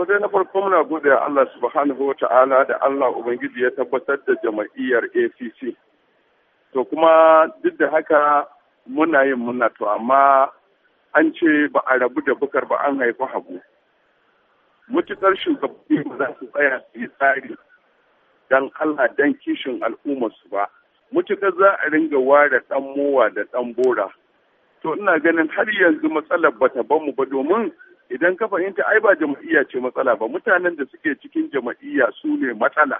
To dai na farko muna gode Allah subhanahu wa ta'ala da Allah Ubangiji ya tabbatar da jama'iyyar APC. To kuma duk da haka muna yin muna to amma an ce ba a rabu da bukar ba an haifi Habu. Mutukar shugabanni ba za su tsaya su yi tsari don Allah don kishin su ba. Mutukar za a ringa ware ɗan mowa da ɗan bora. To ina ganin har yanzu matsalar bata bamu ba domin idan ka fahimta ai ba jama'iyya ce matsala ba mutanen da suke cikin jama'iyya su ne matsala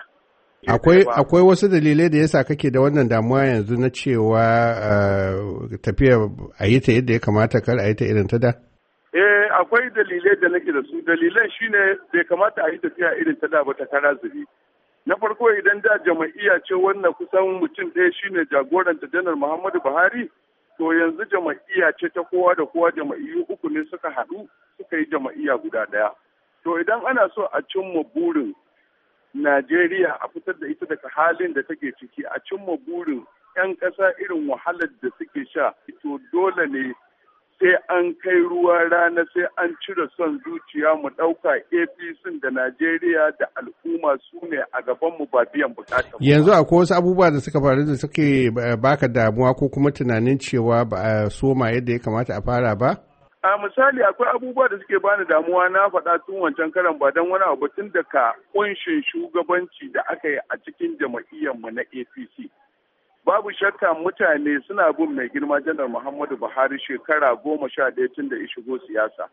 akwai wasu dalilai da yasa kake da wannan damuwa yanzu na cewa eh, tafiya a yi ta yadda ya kamata kar a yi ta irin ta da eh akwai dalilai da nake da su dalilan shi ne bai kamata a yi tafiya irin ta da ba ta kara zubi na farko idan da jama'iyya ce wannan kusan mutum ɗaya shine jagoranta janar muhammadu buhari to yanzu jama'iyya ce ta kowa da kowa jama'iyyu uku ne suka haɗu suka yi jama'iyya guda ɗaya to idan ana so a cimma burin najeriya a fitar da ita daga halin da take ciki a cimma burin 'yan ƙasa irin wahalar da suke sha to dole ne sai an kai ruwa rana sai an cire son zuciya mu ɗauka apc da najeriya da al'umma su ne a gabanmu ba biyan bukata yanzu akwai wasu abubuwa da suka faru da suke eh, baka damuwa ko kuma tunanin cewa ba a soma yadda ya kamata a fara ba a misali akwai abubuwa da suke bani damuwa na faɗa tun wancan karan ba don wani abu tun da kunshin shugabanci da aka yi a cikin jama'iyyar mu na apc babu shakka mutane suna bin mai girma janar muhammadu buhari shekara goma sha ɗaya tun da shigo siyasa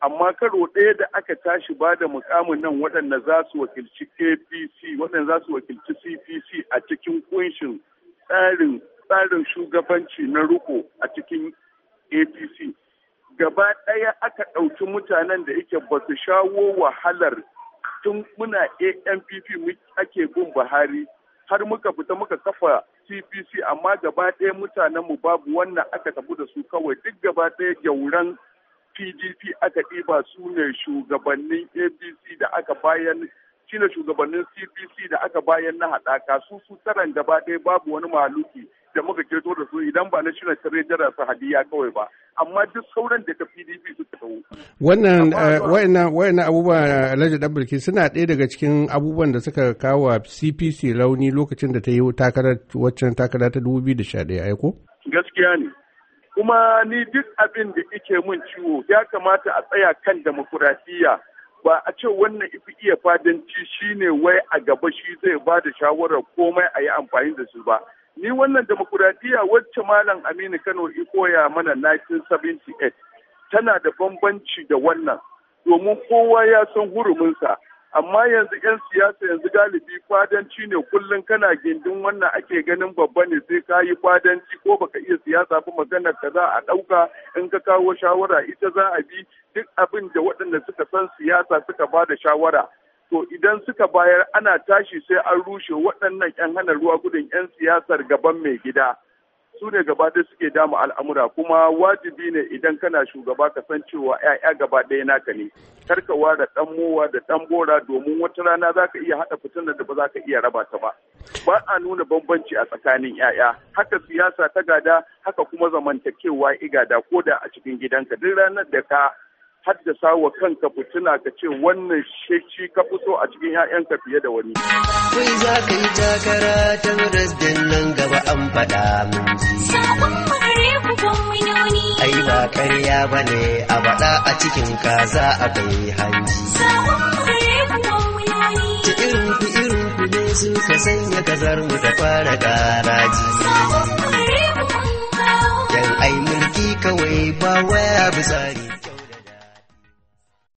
amma karo ɗaya da aka tashi ba da mukamin nan waɗanda za su wakilci apc waɗanda za su wakilci cpc a cikin kunshin tsarin tsarin shugabanci na ruko a cikin apc gaba ɗaya aka ɗauki mutanen da yake ba su shawo wahalar tun muna ampp ake bin buhari har muka fita muka kafa cpc amma gaba ɗaya mu babu wannan aka tafi da su kawai duk gaba ɗaya gyauran pdp aka ɗiba su ne shugabannin apc da aka bayan ne shugabannin cpc da aka bayan na haɗaka su su gaba ɗaya babu wani maluki da muka keto da su idan ba na tare tarejara su hadiya kawai ba amma duk sauran da ta pdp suka tawo wannan eh, wayannan abubuwa alhaji dan suna ɗaya daga cikin abubuwan da suka kawo cpc rauni lokacin da ta yi takara waccan takara ta 2011 aiko. gaskiya ne kuma ni duk abin da ike mun ciwo ya kamata a tsaya kan demokuraɗiyya ba a ce wannan ifi iya fadanci shine wai a gaba shi zai ba da shawarar komai a yi amfani da su ba ni wannan demokuraɗiyya wacce malam aminu kano i koya mana 1978 tana da bambanci da wannan domin kowa ya san huruminsa amma yanzu 'yan siyasa yanzu galibi kwadanci ne kullum kana gindin wannan ake ganin babba ne sai ka yi kwadanci ko baka iya siyasa ba maganar ka za a ɗauka in ka kawo shawara ita za a bi duk abin da waɗanda suka san siyasa suka ba da shawara to idan suka bayar ana tashi sai an rushe waɗannan 'yan hana ruwa gudun 'yan siyasar gaban mai gida su ne gaba ɗaya suke dama al'amura kuma wajibi ne idan kana shugaba ka san cewa 'ya'ya gaba ɗaya naka ne karkawa da ɗan mowa da ɗan bora domin wata rana za ka iya haɗa fitinar da ba za ka iya raba ta ba ba a nuna bambanci a tsakanin 'ya'ya haka siyasa ta gada haka kuma zamantakewa igada ko da a cikin gidanka duk ranar da ka haddasa wa kanka fitina ka ce wannan shi ka fito a cikin 'ya'yanka fiye da wani. Wai za ka yi takara ta rasdin nan gaba an faɗa min ji. Sabon magare ku gwamnoni. Ai ba karya ba ne a faɗa a cikin kaza akwai hanji. Sabon magare ku gwamnoni. Ci irin ku irin ku ne sun ka sanya kazar mu ta fara garaji. Sabon magare ku gwamnoni. Yan ai mulki kawai ba waya bisari.